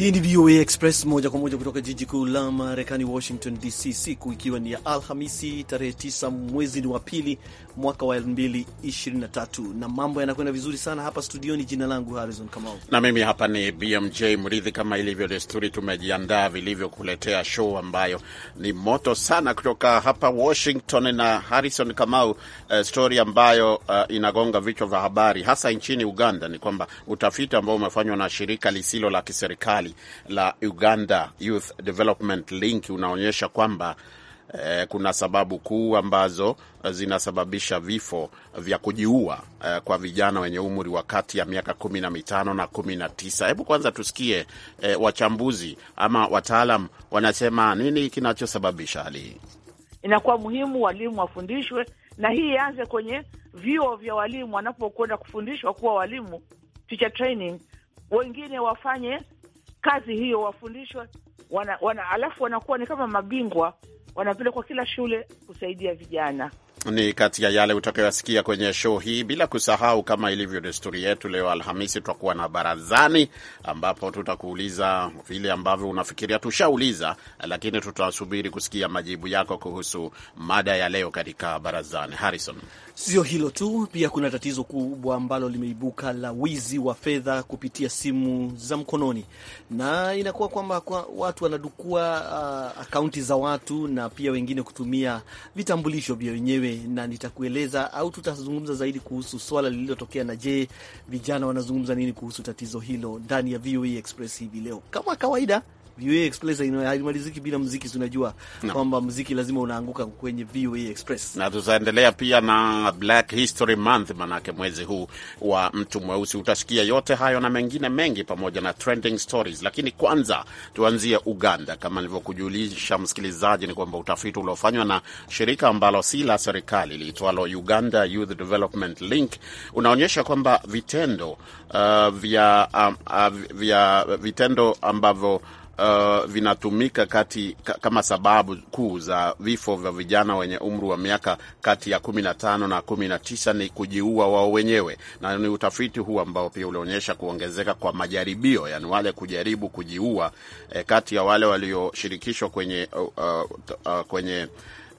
Hii ni VOA Express moja kwa moja kutoka jiji kuu la Marekani, Washington DC, siku ikiwa ni ya Alhamisi tarehe 9 mwezi ni wa pili mwaka wa 2023, na mambo yanakwenda vizuri sana hapa studioni. Jina langu Harrison Kamau na mimi hapa ni BMJ Mridhi. Kama ilivyo desturi, tumejiandaa vilivyokuletea show ambayo ni moto sana kutoka hapa Washington na Harrison Kamau. Uh, eh, stori ambayo uh, inagonga vichwa vya habari hasa nchini Uganda ni kwamba utafiti ambao umefanywa na shirika lisilo la kiserikali serikali la Uganda Youth Development Link unaonyesha kwamba eh, kuna sababu kuu ambazo eh, zinasababisha vifo vya kujiua eh, kwa vijana wenye umri wa kati ya miaka kumi na mitano na kumi na tisa. Hebu kwanza tusikie eh, wachambuzi ama wataalam wanasema nini kinachosababisha hali hii. Inakuwa muhimu walimu wafundishwe, na hii ianze kwenye vyuo vya walimu, wanapokwenda kufundishwa kuwa walimu, teacher training, wengine wafanye kazi hiyo wafundishwe wana, wana, alafu wanakuwa ni kama mabingwa, wanapelekwa kila shule kusaidia vijana ni kati ya yale utakayoyasikia kwenye show hii, bila kusahau, kama ilivyo desturi yetu, leo Alhamisi tutakuwa na barazani, ambapo tutakuuliza vile ambavyo unafikiria. Tushauliza, lakini tutasubiri kusikia majibu yako kuhusu mada ya leo katika barazani. Harrison, sio hilo tu, pia kuna tatizo kubwa ambalo limeibuka la wizi wa fedha kupitia simu za mkononi, na inakuwa kwamba kwa watu wanadukua uh, akaunti za watu na pia wengine kutumia vitambulisho vya wenyewe na nitakueleza au tutazungumza zaidi kuhusu swala lililotokea, na je, vijana wanazungumza nini kuhusu tatizo hilo ndani ya VOA e Express hivi leo. Kama kawaida VOA Express haimaliziki bila mziki, tunajua no. kwamba mziki lazima unaanguka kwenye VOA Express, na tutaendelea pia na Black History Month, manake mwezi huu wa mtu mweusi. Utasikia yote hayo na mengine mengi pamoja na trending stories, lakini kwanza tuanzie Uganda. Kama nilivyokujulisha msikilizaji, ni kwamba utafiti uliofanywa na shirika ambalo si la serikali liitwalo Uganda Youth Development Link unaonyesha kwamba vitendo uh, vya, um, uh, vya vitendo ambavyo uh, vinatumika kati kama sababu kuu za vifo vya vijana wenye umri wa miaka kati ya 15 na 19 ni kujiua wao wenyewe, na ni utafiti huu ambao pia ulionyesha kuongezeka kwa majaribio, yani wale kujaribu kujiua eh, kati ya wale walioshirikishwa kwenye uh, uh, uh, kwenye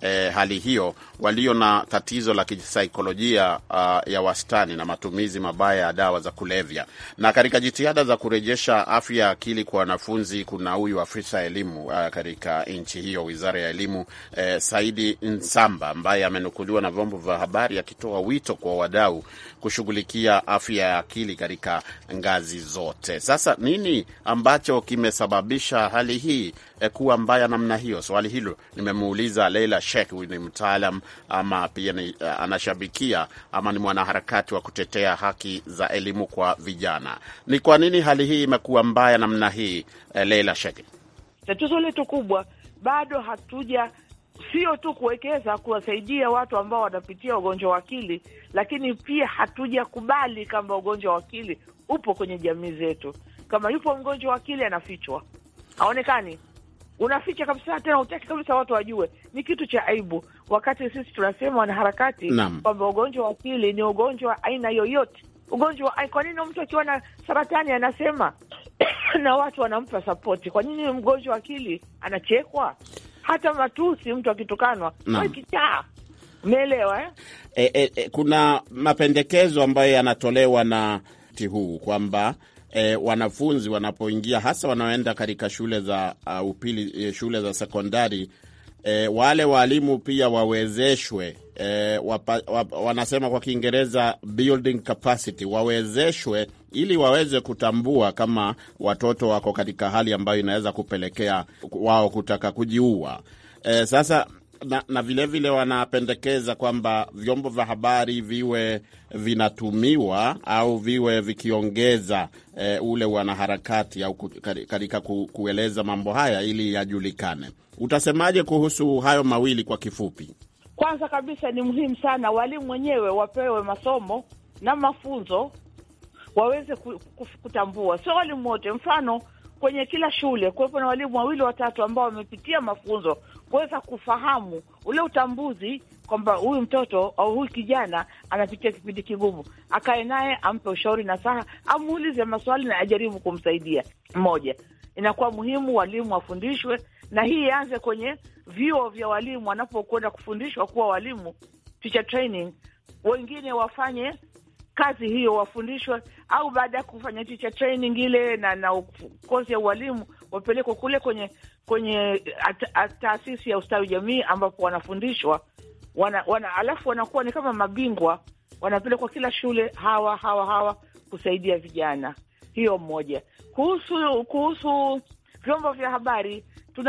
eh, hali hiyo, walio na tatizo la kisaikolojia uh, ya wastani na matumizi mabaya ya dawa za kulevya. Na katika jitihada za kurejesha afya ya akili kwa wanafunzi, kuna huyu afisa elimu uh, katika nchi hiyo, wizara ya elimu eh, Saidi Nsamba ambaye amenukuliwa na vyombo vya habari akitoa wito kwa wadau kushughulikia afya ya akili katika ngazi zote. Sasa nini ambacho kimesababisha hali hii Eh, kuwa mbaya namna hiyo? Swali hilo nimemuuliza Leila Sheikh, huyu ni mtaalam ama pia ni, uh, anashabikia ama ni mwanaharakati wa kutetea haki za elimu kwa vijana. Ni kwa nini hali hii imekuwa mbaya namna hii, uh, Leila Sheikh? Tatizo letu kubwa bado hatuja sio tu kuwekeza kuwasaidia watu ambao wanapitia ugonjwa wa akili, lakini pia hatujakubali kamba ugonjwa wa akili upo kwenye jamii zetu. Kama yupo mgonjwa wa akili, anafichwa, haonekani unaficha kabisa, tena utaki kabisa watu wajue. Ni kitu cha aibu, wakati sisi tunasema wanaharakati kwamba ugonjwa wa akili ni ugonjwa aina yoyote ugonjwa. Kwa nini mtu akiwa na saratani anasema na watu wanampa sapoti? Kwa nini mgonjwa wa akili anachekwa? Hata matusi, mtu akitukanwa kichaa Umeelewa eh? E, e, kuna mapendekezo ambayo yanatolewa na ti huu kwamba e, wanafunzi wanapoingia hasa wanaoenda katika shule za uh, upili, eh, shule za sekondari e, wale waalimu pia wawezeshwe e, wapa, wap, wanasema kwa Kiingereza building capacity, wawezeshwe ili waweze kutambua kama watoto wako katika hali ambayo inaweza kupelekea wao kutaka kujiua. E, sasa na, na vile vile wanapendekeza kwamba vyombo vya habari viwe vinatumiwa au viwe vikiongeza e, ule wanaharakati au katika ku, kueleza mambo haya ili yajulikane. Utasemaje kuhusu hayo mawili kwa kifupi? Kwanza kabisa ni muhimu sana walimu wenyewe wapewe masomo na mafunzo waweze kutambua, sio walimu wote. Mfano, kwenye kila shule kuwepo na walimu wawili watatu ambao wamepitia mafunzo kuweza kufahamu ule utambuzi kwamba huyu mtoto au huyu kijana anapitia kipindi kigumu, akae naye, ampe ushauri na saha, amuulize maswali na ajaribu kumsaidia. Mmoja, inakuwa muhimu walimu wafundishwe, na hii ianze kwenye vyuo vya walimu, wanapokwenda kufundishwa kuwa walimu, teacher training, wengine wafanye kazi hiyo, wafundishwe, au baada ya kufanya teacher training ile na na kozi ya ualimu wapelekwe kule kwenye kwenye taasisi ya ustawi jamii ambapo wanafundishwa wana, wana alafu wanakuwa ni kama mabingwa, wanapelekwa kila shule hawa hawa hawa kusaidia vijana. Hiyo mmoja. Kuhusu kuhusu vyombo vya habari, tu,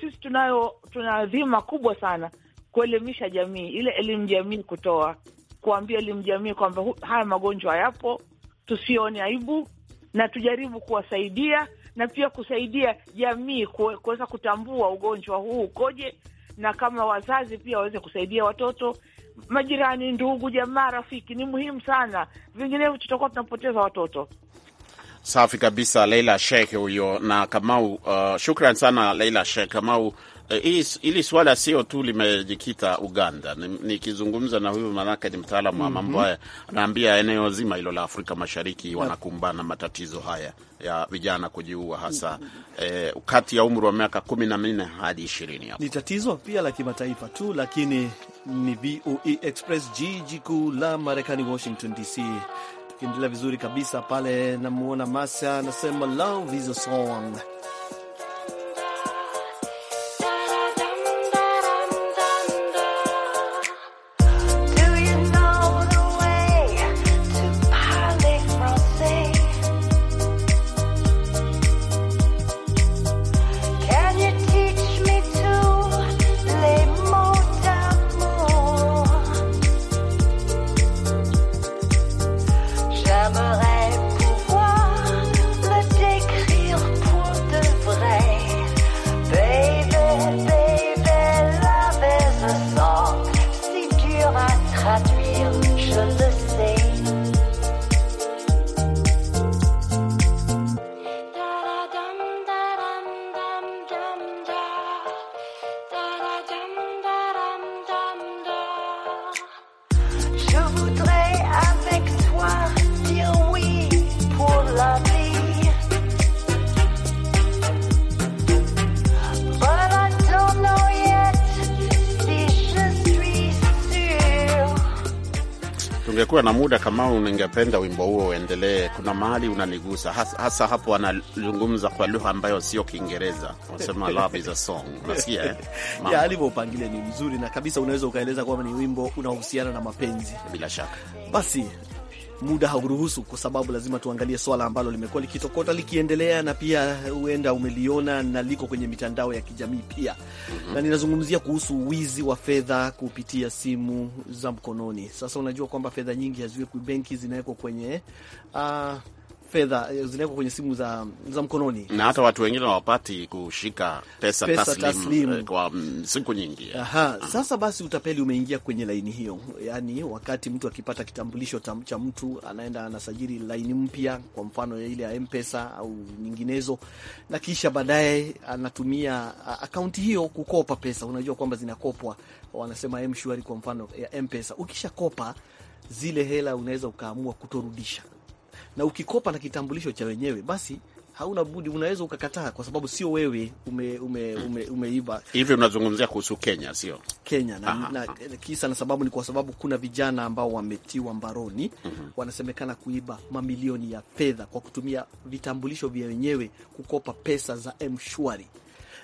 sisi tunayo tuna dhima kubwa sana kuelimisha jamii, ile elimu jamii, kutoa kuambia elimu jamii kwamba haya magonjwa yapo, tusione aibu na tujaribu kuwasaidia na pia kusaidia jamii kuweza kutambua ugonjwa huu ukoje, na kama wazazi pia waweze kusaidia watoto, majirani, ndugu, jamaa, rafiki. Ni muhimu sana, vinginevyo tutakuwa tunapoteza watoto. Safi kabisa, Leila Sheikh huyo na Kamau. Uh, shukran sana Leila Sheikh Kamau. Uh, hili uh, sio tu limejikita Uganda. Nikizungumza ni na huyu manake ni mtaalamu wa mambo mhm. haya, anaambia eneo zima hilo la Afrika Mashariki wanakumbana matatizo haya ya vijana kujiua hasa eh, kati ya umri wa miaka kumi na minne hadi ishirini. Ni tatizo pia la kimataifa tu, lakini ni VOA e Express, jiji kuu la Marekani, Washington DC. Tukiendelea vizuri kabisa pale, namuona Masa anasema love is a song tukiwa na muda, kama ningependa wimbo huo uendelee. Kuna mahali unanigusa hasa, hasa hapo anazungumza kwa lugha ambayo sio Kiingereza, unasema love is a song, unasikia eh? ni mzuri na kabisa, unaweza ukaeleza kwamba ni wimbo unaohusiana na mapenzi bila shaka. Basi muda hauruhusu, kwa sababu lazima tuangalie swala ambalo limekuwa likitokota likiendelea, na pia huenda umeliona na liko kwenye mitandao ya kijamii pia mm -hmm. na ninazungumzia kuhusu wizi wa fedha kupitia simu za mkononi. Sasa unajua kwamba fedha nyingi haziwekwi benki, zinawekwa kwenye uh, fedha zinawekwa kwenye simu za, za mkononi na hata watu wengine hawapati kushika pesa, pesa taslimu eh, kwa mm, siku nyingi. Aha, sasa basi utapeli umeingia kwenye laini hiyo, yaani wakati mtu akipata kitambulisho cha mtu anaenda anasajili laini mpya, kwa mfano ile ya Mpesa au nyinginezo, na kisha baadaye anatumia akaunti hiyo kukopa pesa. Unajua kwamba zinakopwa, wanasema Mshwari kwa mfano ya Mpesa, ukishakopa zile hela unaweza ukaamua kutorudisha na ukikopa na kitambulisho cha wenyewe basi hauna budi, unaweza ukakataa kwa sababu sio wewe umeiba ume, ume, hivi. Unazungumzia kuhusu Kenya, sio Kenya na, aha, na aha. Kisa na sababu ni kwa sababu kuna vijana ambao wametiwa mbaroni mm -hmm. Wanasemekana kuiba mamilioni ya fedha kwa kutumia vitambulisho vya wenyewe kukopa pesa za mshwari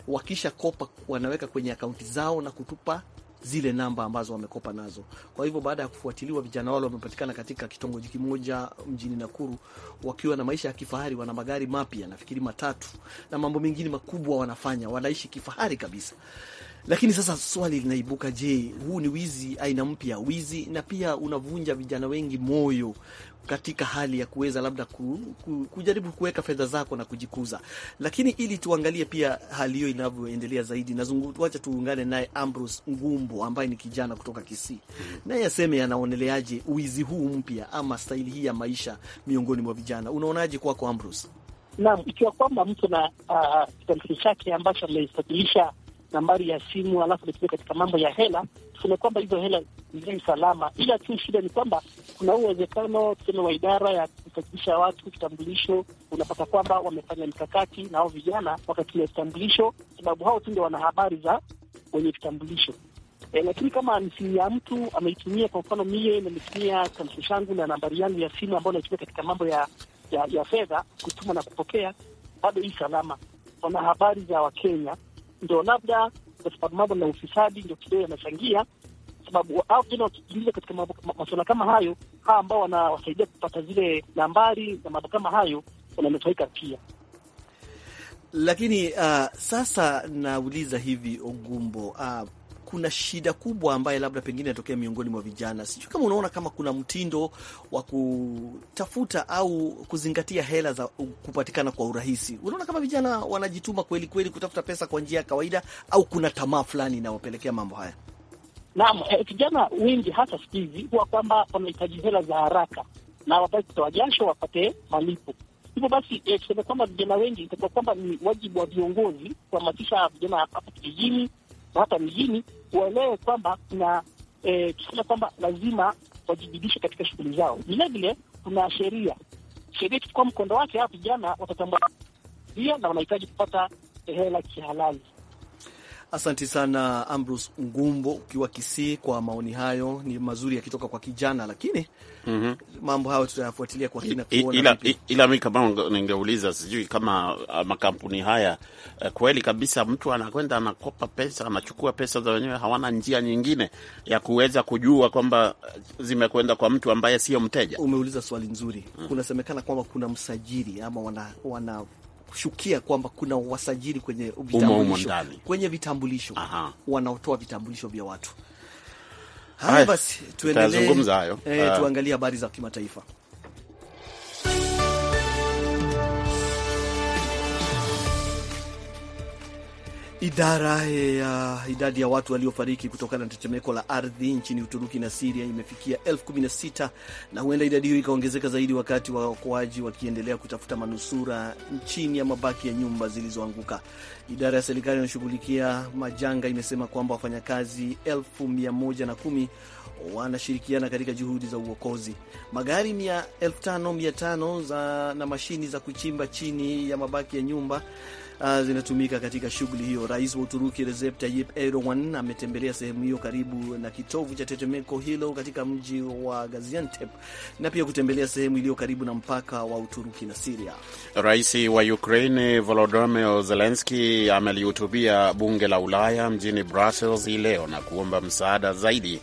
wakisha kopa wanaweka kwenye akaunti zao na kutupa zile namba ambazo wamekopa nazo. Kwa hivyo baada ya kufuatiliwa, vijana wale wamepatikana katika kitongoji kimoja mjini Nakuru wakiwa na maisha ya kifahari, wana magari mapya, nafikiri matatu na mambo mengine makubwa wanafanya, wanaishi kifahari kabisa. Lakini sasa swali linaibuka, je, huu ni wizi aina mpya wizi, na pia unavunja vijana wengi moyo katika hali ya kuweza labda ku, ku, kujaribu kuweka fedha zako na kujikuza. Lakini ili tuangalie pia hali hiyo inavyoendelea zaidi, nazungumza tuungane naye Ambrose Ngumbo ambaye ni kijana kutoka Kisii, mm-hmm. naye aseme anaoneleaje wizi huu mpya ama staili hii ya maisha miongoni mwa vijana. Unaonaje kwako, Ambrose? Naam, ikiwa kwamba mtu na ah, kitambulisho chake ambacho ameistabilisha nambari ya simu, alafu natumia katika mambo ya hela, tuseme kwamba hizo hela ni salama, ila tu shida ni kwamba kuna uwezekano tuseme wa idara ya kusajilisha watu kitambulisho, unapata kwamba wamefanya mikakati na hao vijana wakatumia vitambulisho, sababu hao tu ndio wana habari za wenye vitambulisho. E, eh, lakini kama ni simu ya mtu ameitumia, kwa mfano mie nimetumia kitambulisho changu na nambari yangu ya simu ambayo naitumia katika mambo ya ya, ya fedha kutuma na kupokea, bado hii salama. Wana habari za Wakenya ndio labda kwa sababu mambo na ufisadi ndio kidogo yanachangia, sababu hao vijana wakijiingiza katika masuala kama hayo, hawa ambao wanawasaidia kupata zile nambari na mambo kama hayo wananufaika pia. Lakini uh, sasa nauliza hivi Ogumbo, uh, kuna shida kubwa ambayo labda pengine inatokea miongoni mwa vijana. Sijui kama unaona kama kuna mtindo wa kutafuta au kuzingatia hela za kupatikana kwa urahisi. Unaona kama vijana wanajituma kweli kweli kutafuta pesa kwa njia ya kawaida, au kuna tamaa fulani inawapelekea mambo haya? Naam, eh, vijana wengi hasa siku hizi huwa kwamba wanahitaji hela za haraka na wapate kutoa jasho wapate malipo. Hivyo basi eh, tuseme kwamba vijana wengi itakuwa kwamba ni wajibu wa viongozi kuhamasisha vijana hapa kijijini na hata mjini, waelewe kwamba na eh, tuseme kwamba lazima wajibidishe katika shughuli zao. Vilevile kuna sheria, sheria ikichukua mkondo wake, hawa vijana watatambua pia na wanahitaji kupata hela kihalali. Asanti sana Ambrose Ngumbo ukiwa Kisii kwa maoni hayo, ni mazuri yakitoka kwa kijana, lakini mm -hmm. mambo hayo tutayafuatilia kwa kina kuona. Ila, ila, mi kama ningeuliza, sijui kama uh, makampuni haya uh, kweli kabisa, mtu anakwenda anakopa pesa anachukua pesa za wenyewe, hawana njia nyingine ya kuweza kujua kwamba uh, zimekwenda kwa mtu ambaye sio mteja. Umeuliza swali nzuri mm -hmm. kunasemekana kwamba kuna msajili ama wana, wana kushukia kwamba kuna wasajili kwenye vitambulisho, kwenye vitambulisho wanaotoa vitambulisho vya watu. Haya basi, tuendelee, eh, ah. tuangalie habari za kimataifa. Idara ya idadi ya watu waliofariki kutokana na tetemeko la ardhi nchini Uturuki na Siria imefikia elfu kumi na sita na huenda idadi hiyo ikaongezeka zaidi, wakati waokoaji wakiendelea kutafuta manusura chini ya mabaki ya nyumba zilizoanguka. Idara ya serikali inayoshughulikia majanga imesema kwamba wafanyakazi elfu mia moja na kumi wanashirikiana katika juhudi za uokozi. Magari mia elfu tano mia tano na mashini za kuchimba chini ya mabaki ya nyumba uh, zinatumika katika shughuli hiyo. Rais wa Uturuki Recep Tayyip Erdogan ametembelea sehemu hiyo karibu na kitovu cha tetemeko hilo katika mji wa Gaziantep na pia kutembelea sehemu iliyo karibu na mpaka wa Uturuki na Siria. Rais wa Ukraini Volodymyr Zelenski amelihutubia bunge la Ulaya mjini Brussels hii leo na kuomba msaada zaidi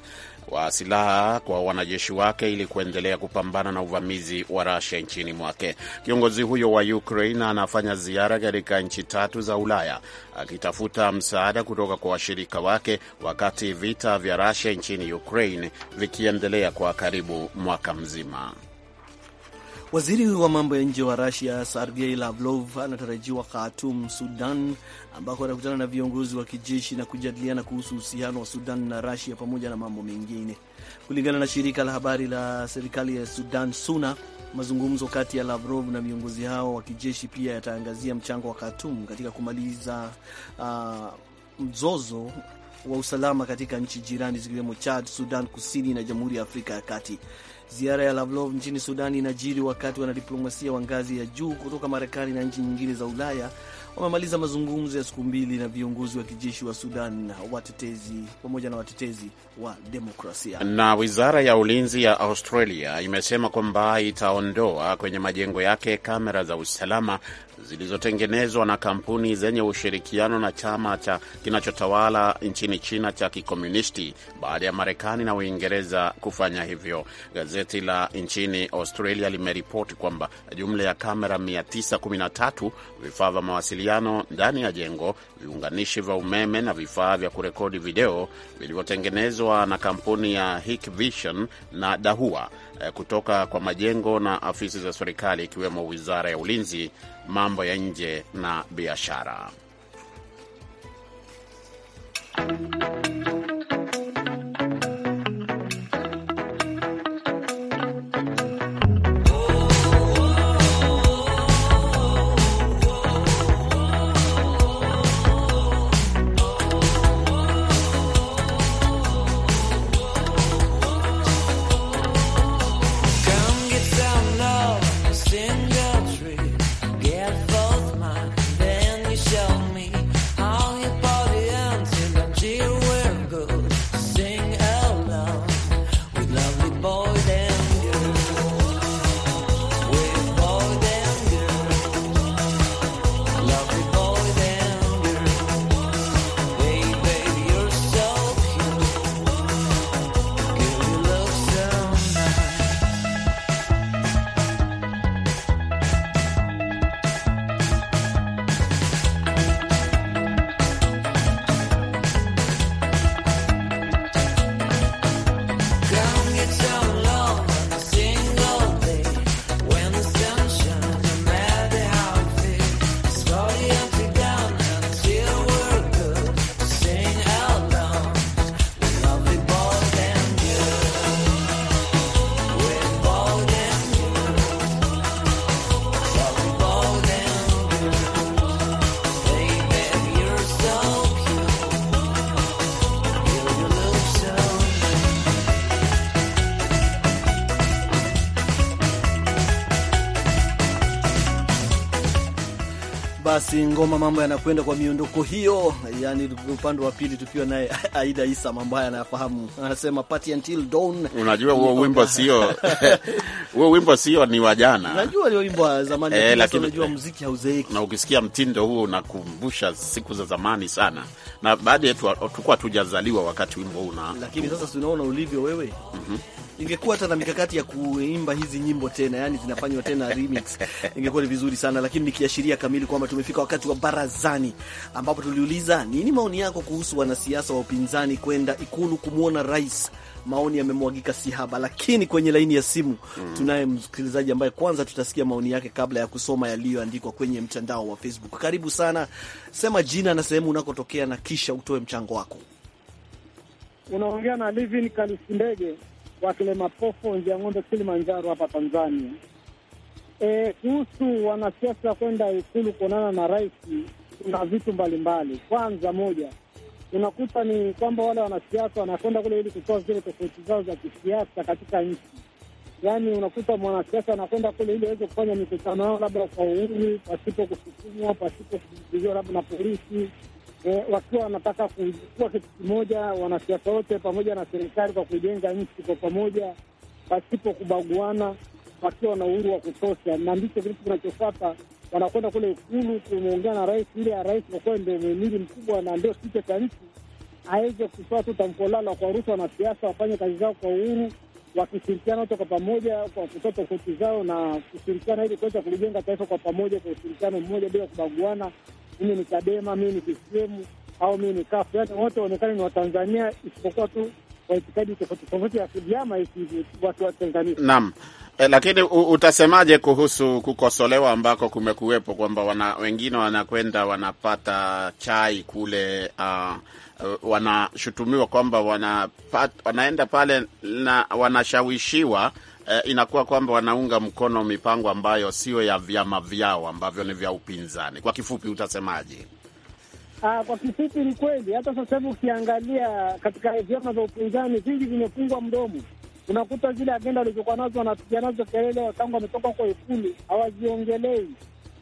kwa silaha kwa wanajeshi wake ili kuendelea kupambana na uvamizi wa Russia nchini mwake. Kiongozi huyo wa Ukraine anafanya ziara katika nchi tatu za Ulaya akitafuta msaada kutoka kwa washirika wake wakati vita vya Russia nchini Ukraine vikiendelea kwa karibu mwaka mzima. Waziri wa mambo ya nje wa Rusia Sergei Lavrov anatarajiwa Khartoum, Sudan, ambako anakutana na viongozi wa kijeshi na kujadiliana kuhusu uhusiano wa Sudan na Rusia pamoja na mambo mengine. Kulingana na shirika la habari la serikali ya Sudan SUNA, mazungumzo kati ya Lavrov na viongozi hao wa kijeshi pia yataangazia mchango wa Khartoum katika kumaliza uh, mzozo wa usalama katika nchi jirani zikiwemo Chad, Sudan Kusini na Jamhuri ya Afrika ya Kati. Ziara ya Lavrov nchini Sudani inajiri wakati wanadiplomasia wa ngazi ya juu kutoka Marekani na nchi nyingine za Ulaya wamemaliza mazungumzo ya siku mbili na viongozi wa kijeshi wa Sudan watetezi pamoja na watetezi wa demokrasia. Na wizara ya ulinzi ya Australia imesema kwamba itaondoa kwenye majengo yake kamera za usalama zilizotengenezwa na kampuni zenye ushirikiano na chama cha kinachotawala nchini China cha kikomunisti baada ya Marekani na Uingereza kufanya hivyo. Gazeti la nchini Australia limeripoti kwamba jumla ya kamera 913 vifaa vya mawasiliano mawasiliano ndani ya jengo, viunganishi vya umeme na vifaa vya kurekodi video vilivyotengenezwa na kampuni ya Hikvision na Dahua eh, kutoka kwa majengo na afisi za serikali ikiwemo Wizara ya Ulinzi, Mambo ya Nje na Biashara. basi ngoma, mambo yanakwenda kwa miondoko hiyo. Yani upande wa pili tukiwa naye Aida Isa, mambo haya anayafahamu, anasema party until dawn. Unajua huo wimbo sio Huo wimbo sio ni wa jana. Najua ulioimbwa zamani eh, lakini unajua eh, muziki hauzeeki. Na ukisikia mtindo huo unakumbusha siku za zamani sana. Na baadhi yetu tulikuwa tujazaliwa wakati wimbo huu na lakini sasa tunaona ulivyo wewe. Mhm. Mm ingekuwa hata na mikakati ya kuimba hizi nyimbo tena, yani zinafanywa tena remix, ingekuwa ni vizuri sana, lakini nikiashiria kamili kwamba tumefika wakati wa barazani, ambapo tuliuliza nini maoni yako kuhusu wanasiasa wa upinzani kwenda ikulu kumwona rais maoni yamemwagika si haba, lakini kwenye laini ya simu mm. tunaye msikilizaji ambaye kwanza tutasikia maoni yake kabla ya kusoma yaliyoandikwa kwenye mtandao wa Facebook. Karibu sana, sema jina na sehemu unakotokea na kisha utoe mchango wako. Unaongea na Livin Kalisindege wa Kilemapopo, Njia Ng'ombe, Kilimanjaro hapa Tanzania. E, kuhusu e, wanasiasa kwenda Ikulu kuonana na rais, kuna vitu mbalimbali. Kwanza moja unakuta ni kwamba wale wanasiasa wanakwenda kule ili kutoa zile tofauti zao za kisiasa katika nchi. Yaani unakuta mwanasiasa anakwenda kule ili aweze kufanya mikutano yao labda kwa uhuru, pasipo kusukumwa, pasipo kuingiliwa labda na polisi E, wakiwa wanataka kuwa kitu kimoja, wanasiasa wote pamoja na serikali, kwa kujenga nchi kwa pamoja, pasipo kubaguana, wakiwa na uhuru wa kutosha, na ndicho kitu kinachofata wanakwenda kule Ikulu kumwongea na rais, ile ya rais kwa ndio muhimili mkubwa na ndio spika cha nchi, aweze kutoa tu tamko lao la kuwaruhusu wanasiasa wafanye kazi zao kwa uhuru, wakishirikiana wote kwa pamoja kwa kutoa tofauti zao na kushirikiana ili kuweza kulijenga taifa kwa pamoja, kwa ushirikiano mmoja bila kubaguana. Mimi ni Chadema, mimi ni CCM au mimi ni kafu, yani wote waonekane ni Watanzania isipokuwa tu kwa itikadi tofauti tofauti ya vyama hivi watu wa Naam. E, lakini utasemaje kuhusu kukosolewa ambako kumekuwepo kwamba wana, wengine wanakwenda wanapata chai kule uh, wanashutumiwa kwamba wanapat, wanaenda pale na wanashawishiwa uh, inakuwa kwamba wanaunga mkono mipango ambayo sio ya vyama vyao ambavyo ni vya upinzani. Kwa kifupi utasemaje? Aa, ah, kwa kifupi ni kweli. Hata sasa hivi ukiangalia katika vyama vya upinzani vingi vimefungwa mdomo, unakuta zile agenda walizokuwa nazo wanapiga nazo kelele tangu wametoka kwa Ikulu hawaziongelei.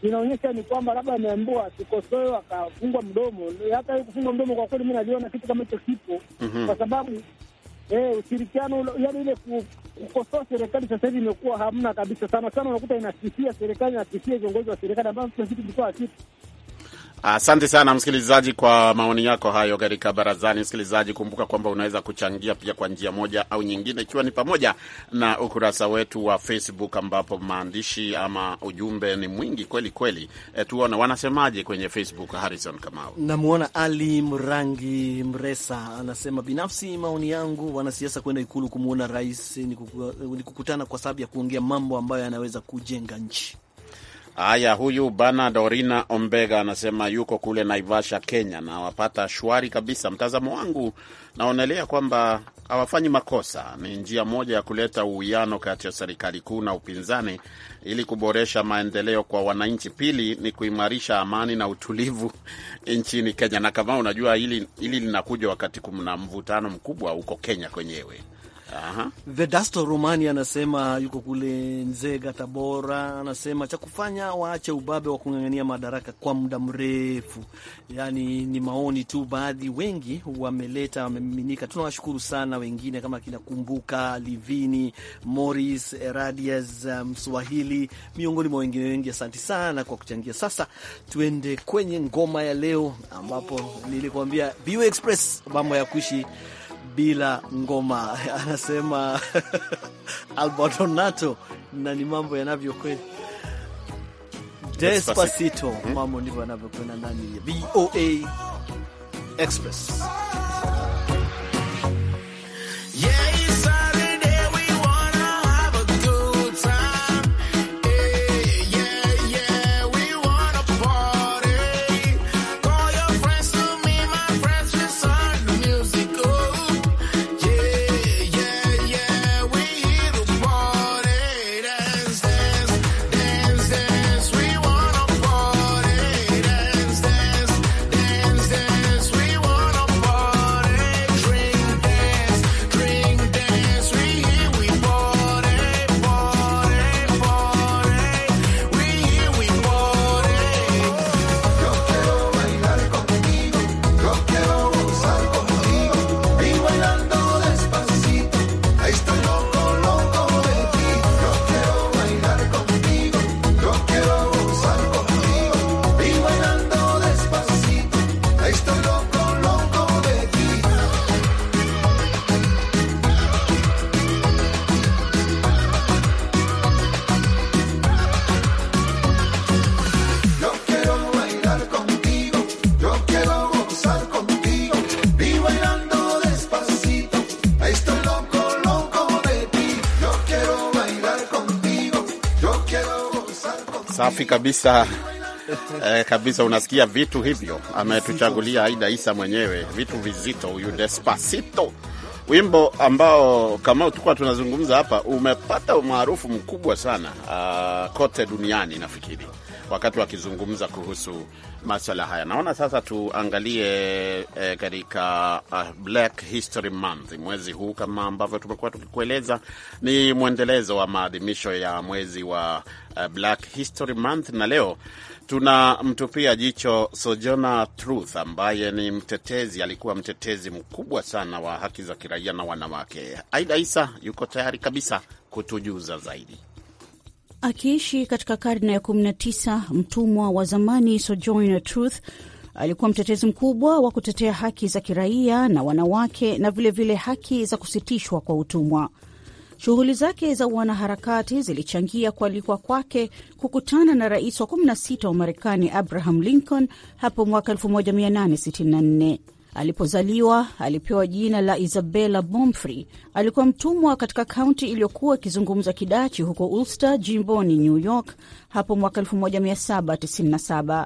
Inaonyesha ni kwamba labda ameambua asikosoe, akafungwa mdomo. Hata kufungwa mdomo, kwa kweli mi naliona kitu kama hicho kipo mm -hmm. kwa sababu eh, ushirikiano yani ile kukosoa serikali sasa hivi imekuwa hamna kabisa. Sana sana unakuta inasifia serikali, inasifia viongozi wa serikali ambao tulikuwa kitu Asante sana msikilizaji kwa maoni yako hayo katika barazani. Msikilizaji, kumbuka kwamba unaweza kuchangia pia kwa njia moja au nyingine, ikiwa ni pamoja na ukurasa wetu wa Facebook ambapo maandishi ama ujumbe ni mwingi kweli kweli. E, tuone wanasemaje kwenye Facebook. Harrison Kamau, namwona Ali Mrangi Mresa anasema, binafsi maoni yangu, wanasiasa kwenda Ikulu kumwona rais ni kukutana kwa sababu ya kuongea mambo ambayo yanaweza kujenga nchi. Haya, huyu bana Dorina Ombega anasema yuko kule Naivasha, Kenya, na wapata shwari kabisa. Mtazamo wangu naonelea kwamba hawafanyi makosa. Ni njia moja ya kuleta uwiano kati ya serikali kuu na upinzani ili kuboresha maendeleo kwa wananchi. Pili ni kuimarisha amani na utulivu nchini Kenya. Na kama unajua hili, hili linakuja wakati kuna mvutano mkubwa huko Kenya kwenyewe. Aha. Vedasto Romani anasema yuko kule Nzega, Tabora, anasema cha kufanya waache ubabe wa kung'ang'ania madaraka kwa muda mrefu. Yaani ni maoni tu, baadhi wengi wameleta wamemiminika. Tunawashukuru sana wengine kama kina Kumbuka Livini, Morris Radias, Mswahili, um, miongoni mwa wengine wengi. Asante sana kwa kuchangia. Sasa tuende kwenye ngoma ya leo ambapo nilikwambia BW Express mambo ya kuishi bila ngoma, anasema Albertonato, na ni mambo yanavyokwenda. Despacito, mambo ndivyo yanavyokwenda ndani ya VOA Express. kabisa eh, kabisa. Unasikia vitu hivyo, ametuchagulia Aida Isa mwenyewe vitu vizito, huyu Despacito, wimbo ambao kama tulikuwa tunazungumza hapa umepata umaarufu mkubwa sana uh, kote duniani nafikiri wakati wakizungumza kuhusu maswala haya. Naona sasa tuangalie e, katika uh, Black History Month. Mwezi huu kama ambavyo tumekuwa tukikueleza ni mwendelezo wa maadhimisho ya mwezi wa uh, Black History Month, na leo tunamtupia jicho Sojourner Truth ambaye ni mtetezi, alikuwa mtetezi mkubwa sana wa haki za kiraia na wanawake. Aida Isa yuko tayari kabisa kutujuza zaidi. Akiishi katika karne ya 19, mtumwa wa zamani Sojourner Truth alikuwa mtetezi mkubwa wa kutetea haki za kiraia na wanawake na vilevile vile haki za kusitishwa kwa utumwa. Shughuli zake za wanaharakati zilichangia kualikwa kwake kukutana na rais wa 16 wa Marekani Abraham Lincoln hapo mwaka 1864. Alipozaliwa alipewa jina la Isabella Bomfrey. Alikuwa mtumwa katika kaunti iliyokuwa ikizungumza Kidachi huko Ulster, jimboni New York hapo mwaka 1797.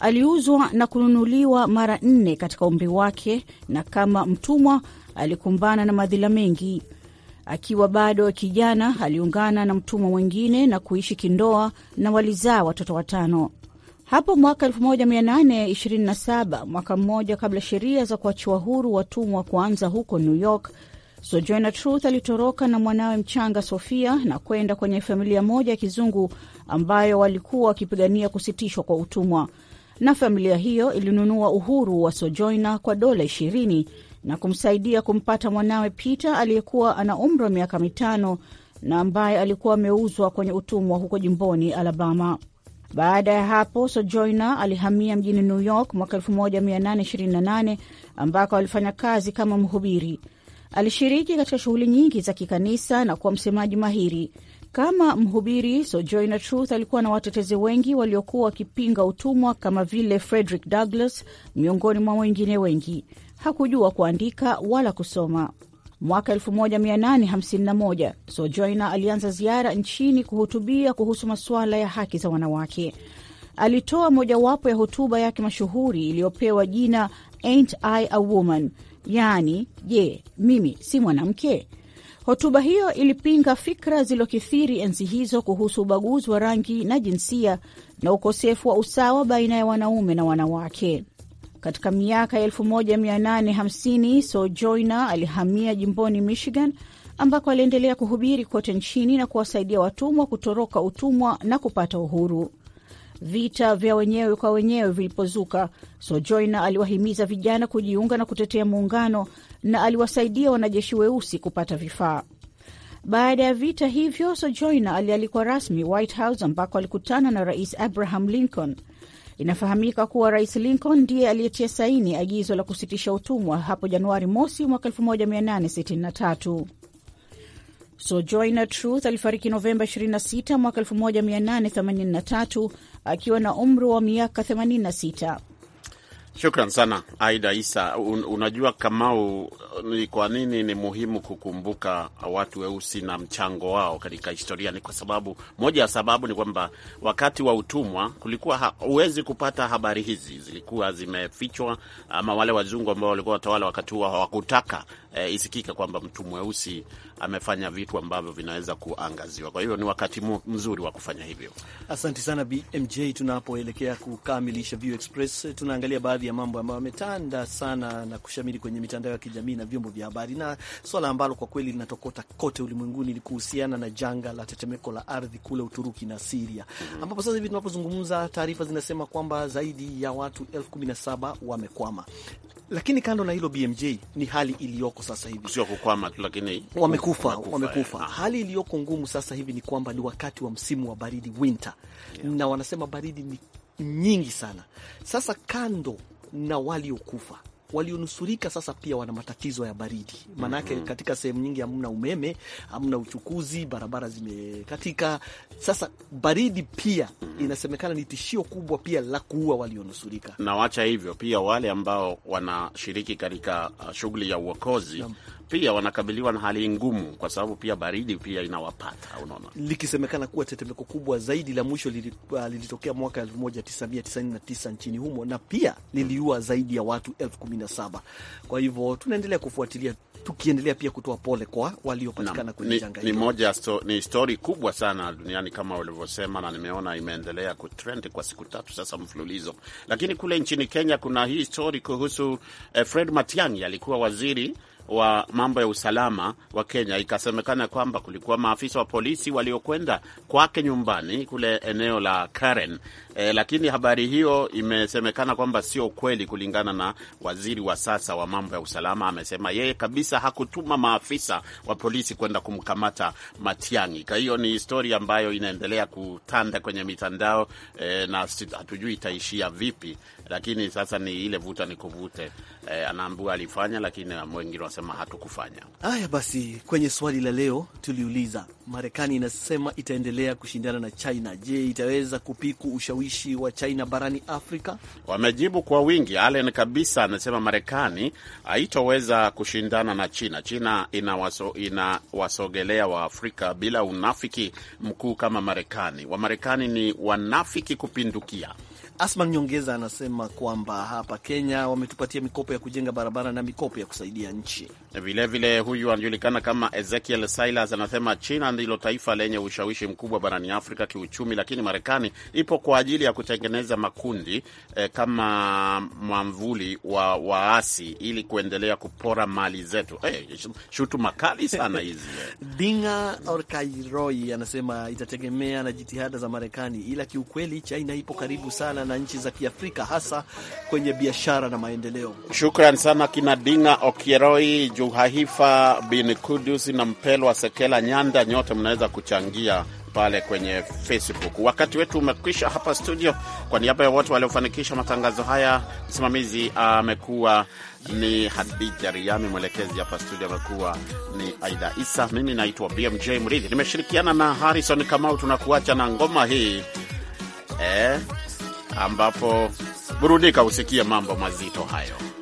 Aliuzwa na kununuliwa mara nne katika umri wake, na kama mtumwa alikumbana na madhila mengi. Akiwa bado kijana, aliungana na mtumwa mwingine na kuishi kindoa, na walizaa watoto watano. Hapo mwaka 1827, mwaka mmoja kabla sheria za kuachiwa huru watumwa kuanza huko New York, Sojourner Truth alitoroka na mwanawe mchanga Sofia na kwenda kwenye familia moja ya kizungu ambayo walikuwa wakipigania kusitishwa kwa utumwa, na familia hiyo ilinunua uhuru wa Sojourner kwa dola 20 na kumsaidia kumpata mwanawe Peter aliyekuwa ana umri wa miaka mitano na ambaye alikuwa ameuzwa kwenye utumwa huko jimboni Alabama. Baada ya hapo, Sojourner alihamia mjini New York mwaka 1828 ambako alifanya kazi kama mhubiri. Alishiriki katika shughuli nyingi za kikanisa na kuwa msemaji mahiri. Kama mhubiri, Sojourner Truth alikuwa na watetezi wengi waliokuwa wakipinga utumwa kama vile Frederick Douglass, miongoni mwa wengine wengi. Hakujua kuandika wala kusoma. Mwaka 1851 Sojourner alianza ziara nchini kuhutubia kuhusu masuala ya haki za wanawake. Alitoa mojawapo ya hotuba yake mashuhuri iliyopewa jina Ain't I a Woman, yaani je, mimi si mwanamke? Hotuba hiyo ilipinga fikra zilizokithiri enzi hizo kuhusu ubaguzi wa rangi na jinsia na ukosefu wa usawa baina ya wanaume na wanawake. Katika miaka ya 1850 Sojourner alihamia jimboni Michigan ambako aliendelea kuhubiri kote nchini na kuwasaidia watumwa kutoroka utumwa na kupata uhuru. Vita vya wenyewe kwa wenyewe vilipozuka, Sojourner aliwahimiza vijana kujiunga na kutetea muungano na aliwasaidia wanajeshi weusi kupata vifaa. Baada ya vita hivyo, Sojourner alialikwa rasmi White House ambako alikutana na Rais Abraham Lincoln. Inafahamika kuwa Rais Lincoln ndiye aliyetia saini agizo la kusitisha utumwa hapo Januari mosi mwaka 1863. Sojourner Truth alifariki Novemba 26 mwaka 1883 akiwa na umri wa miaka 86. Shukran sana Aida Isa. Un, unajua Kamau, ni kwa nini ni muhimu kukumbuka watu weusi na mchango wao katika historia? Ni kwa sababu moja ya sababu ni kwamba wakati wa utumwa kulikuwa huwezi kupata habari hizi, zilikuwa zimefichwa, ama wale wazungu ambao walikuwa watawala wakati huo hawakutaka e, eh, isikika kwamba mtu mweusi amefanya vitu ambavyo vinaweza kuangaziwa. Kwa hiyo ni wakati mzuri wa kufanya hivyo. Asante sana BMJ. Tunapoelekea kukamilisha View Express, tunaangalia baadhi ya mambo ambayo ametanda sana na kushamiri kwenye mitandao ya kijamii na vyombo vya habari, na swala ambalo kwa kweli linatokota kote ulimwenguni ni kuhusiana na janga la tetemeko la ardhi kule Uturuki na Siria, mm -hmm. ambapo sasa hivi tunapozungumza taarifa zinasema kwamba zaidi ya watu elfu kumi na saba wamekwama, lakini kando na hilo BMJ ni hali iliyoko wako sasa hivi, sio kukwama tu, lakini wamekufa, eh, wamekufa, ah. Hali iliyoko ngumu sasa hivi ni kwamba ni wakati wa msimu wa baridi winter, yeah. na wanasema baridi ni nyingi sana sasa, kando na waliokufa walionusurika sasa pia wana matatizo ya baridi, maanake mm -hmm. katika sehemu nyingi hamna umeme, hamna uchukuzi, barabara zimekatika. Sasa baridi pia mm -hmm. inasemekana ni tishio kubwa pia la kuua walionusurika, na wacha hivyo pia wale ambao wanashiriki katika uh, shughuli ya uokozi yeah pia wanakabiliwa na hali ngumu, kwa sababu pia baridi pia inawapata, unaona, likisemekana kuwa tetemeko kubwa zaidi la mwisho uh, lilitokea uh, mwaka 1999 nchini humo na pia liliua zaidi ya watu 17. Kwa hivyo tunaendelea kufuatilia tukiendelea pia kutoa pole kwa waliopatikana kwenye janga hilo. Ni moja sto, ni stori kubwa sana duniani kama ulivyosema na nimeona imeendelea kutrend kwa siku tatu sasa mfululizo. Lakini kule nchini Kenya kuna hii stori kuhusu eh, Fred Matiang'i alikuwa waziri wa mambo ya usalama wa Kenya, ikasemekana kwamba kulikuwa maafisa wa polisi waliokwenda kwake nyumbani kule eneo la Karen. E, lakini habari hiyo imesemekana kwamba sio kweli, kulingana na waziri wa sasa wa mambo ya usalama. Amesema yeye kabisa hakutuma maafisa wa polisi kwenda kumkamata Matiang'i. Kwa hiyo ni historia ambayo inaendelea kutanda kwenye mitandao e, na hatujui itaishia vipi lakini sasa ni ile vuta ni kuvute e, anaambua alifanya, lakini wengine wanasema hatukufanya. Haya basi, kwenye swali la leo tuliuliza, Marekani inasema itaendelea kushindana na China. Je, itaweza kupiku ushawishi wa China barani Afrika? Wamejibu kwa wingi. Allen kabisa anasema Marekani haitoweza kushindana na China. China inawasogelea ina Waafrika bila unafiki mkuu kama Marekani. Wamarekani ni wanafiki kupindukia. Asman Nyongeza anasema kwamba hapa Kenya wametupatia mikopo ya kujenga barabara na mikopo ya kusaidia nchi vilevile. huyu anajulikana kama Ezekiel Silas anasema China ndilo taifa lenye ushawishi mkubwa barani Afrika kiuchumi, lakini Marekani ipo kwa ajili ya kutengeneza makundi eh, kama mwamvuli wa waasi ili kuendelea kupora mali zetu. Hey, eh, shutuma kali sana hizi Dinga Orkairoi anasema itategemea na jitihada za Marekani, ila kiukweli China ipo karibu sana na nchi za Kiafrika, hasa kwenye biashara na maendeleo. Shukran sana kina Dinga Okieroi, Juhaifa bin Kudus na Mpelwa Sekela Nyanda, nyote mnaweza kuchangia pale kwenye Facebook. Wakati wetu umekwisha hapa studio. Kwa niaba ya wote waliofanikisha matangazo haya, msimamizi amekuwa ni Hadija Riami, mwelekezi hapa studio amekuwa ni Aida Isa, mimi naitwa BMJ Mridhi, nimeshirikiana na Harrison Kamau. Tunakuacha na ngoma hii eh ambapo burudika usikie mambo mazito hayo.